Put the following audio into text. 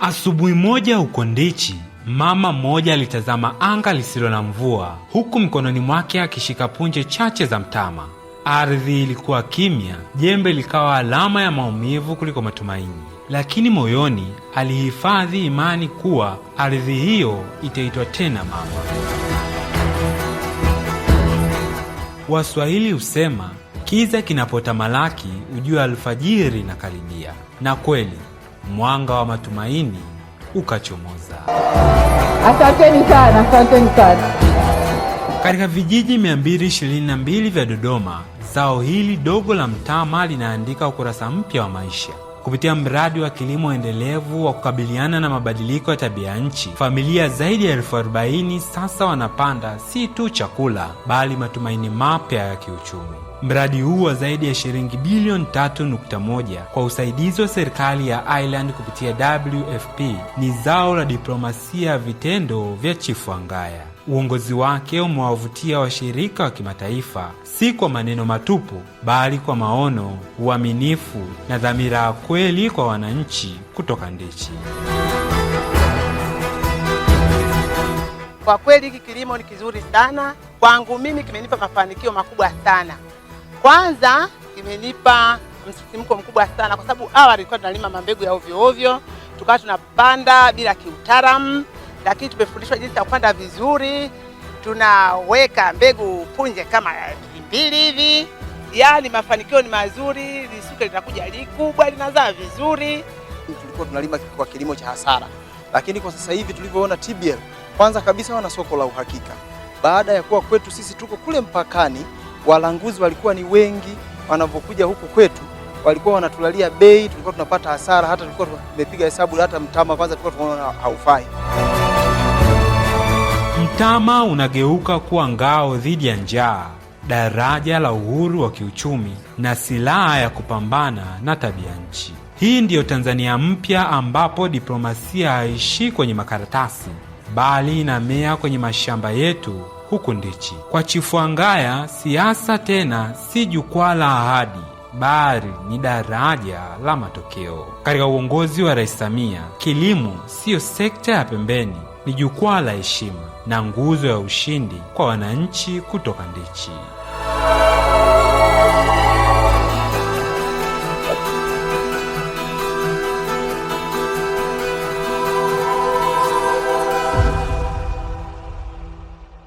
Asubuhi moja huko Ndichi, mama mmoja alitazama anga lisilo na mvua, huku mkononi mwake akishika punje chache za mtama. Ardhi ilikuwa kimya, jembe likawa alama ya maumivu kuliko matumaini, lakini moyoni alihifadhi imani kuwa ardhi hiyo itaitwa tena mama. Waswahili husema kiza kinapotamalaki ujue alfajiri na karibia, na kweli mwanga wa matumaini ukachomoza. Asanteni sana, asanteni sana. Katika vijiji 222 vya Dodoma, zao hili dogo la mtama linaandika ukurasa mpya wa maisha kupitia mradi wa kilimo endelevu wa kukabiliana na mabadiliko ya tabia nchi. Familia zaidi ya elfu arobaini sasa wanapanda si tu chakula, bali matumaini mapya ya kiuchumi. Mradi huu wa zaidi ya shilingi bilioni 3.1 kwa usaidizi wa serikali ya Ireland kupitia WFP ni zao la diplomasia ya vitendo vya chifu angaya Uongozi wake umewavutia washirika wa kimataifa, si kwa maneno matupu, bali kwa maono, uaminifu na dhamira ya kweli kwa wananchi kutoka Ndichi. Kwa kweli hiki kilimo ni kizuri sana kwangu mimi, kimenipa mafanikio makubwa sana. Kwanza imenipa msisimko mkubwa sana, kwa sababu awali tulikuwa tunalima mambegu ya ovyo ovyo, tukawa tunapanda bila kiutaalamu, lakini tumefundishwa jinsi ya kupanda vizuri. Tunaweka mbegu punje kama mbili hivi, yaani mafanikio ni mazuri, lisuke linakuja likubwa, linazaa vizuri. Tulikuwa tunalima kwa kilimo cha hasara, lakini kwa sasa hivi tulivyoona TBL, kwanza kabisa wana soko la uhakika baada ya kuwa kwetu sisi tuko kule mpakani walanguzi walikuwa ni wengi, wanavyokuja huku kwetu walikuwa wanatulalia bei, tulikuwa tunapata hasara, hata tulikuwa tumepiga hesabu, hata mtama kwanza tulikuwa tunaona haufai. Mtama unageuka kuwa ngao dhidi ya njaa, daraja la uhuru wa kiuchumi na silaha ya kupambana na tabia nchi. Hii ndiyo Tanzania mpya ambapo diplomasia haishii kwenye makaratasi bali inamea kwenye mashamba yetu huko ndichi Kwa Angaya, siasa tena si jukwaa la ahadi bali ni daraja la matokeo. Katika uongozi wa Rais Samia, kilimo siyo sekta ya pembeni, ni jukwaa la heshima na nguzo ya ushindi kwa wananchi kutoka ndichi